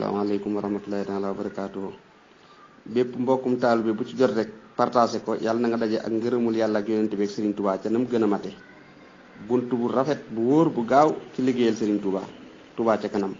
asalaamaaleykum wa rahmatullahi taala wa barakaatuhu bépp mbokkum taalu bi bu ci jot rek partagé ko yàlla na nga daje ak ngërëmul yàlla ak yonente bi ak Serigne tubaa ca nam gën a mate bunt bu rafet bu wóor bu gaaw ci liggéeyal Serigne Touba tubaa ca kanam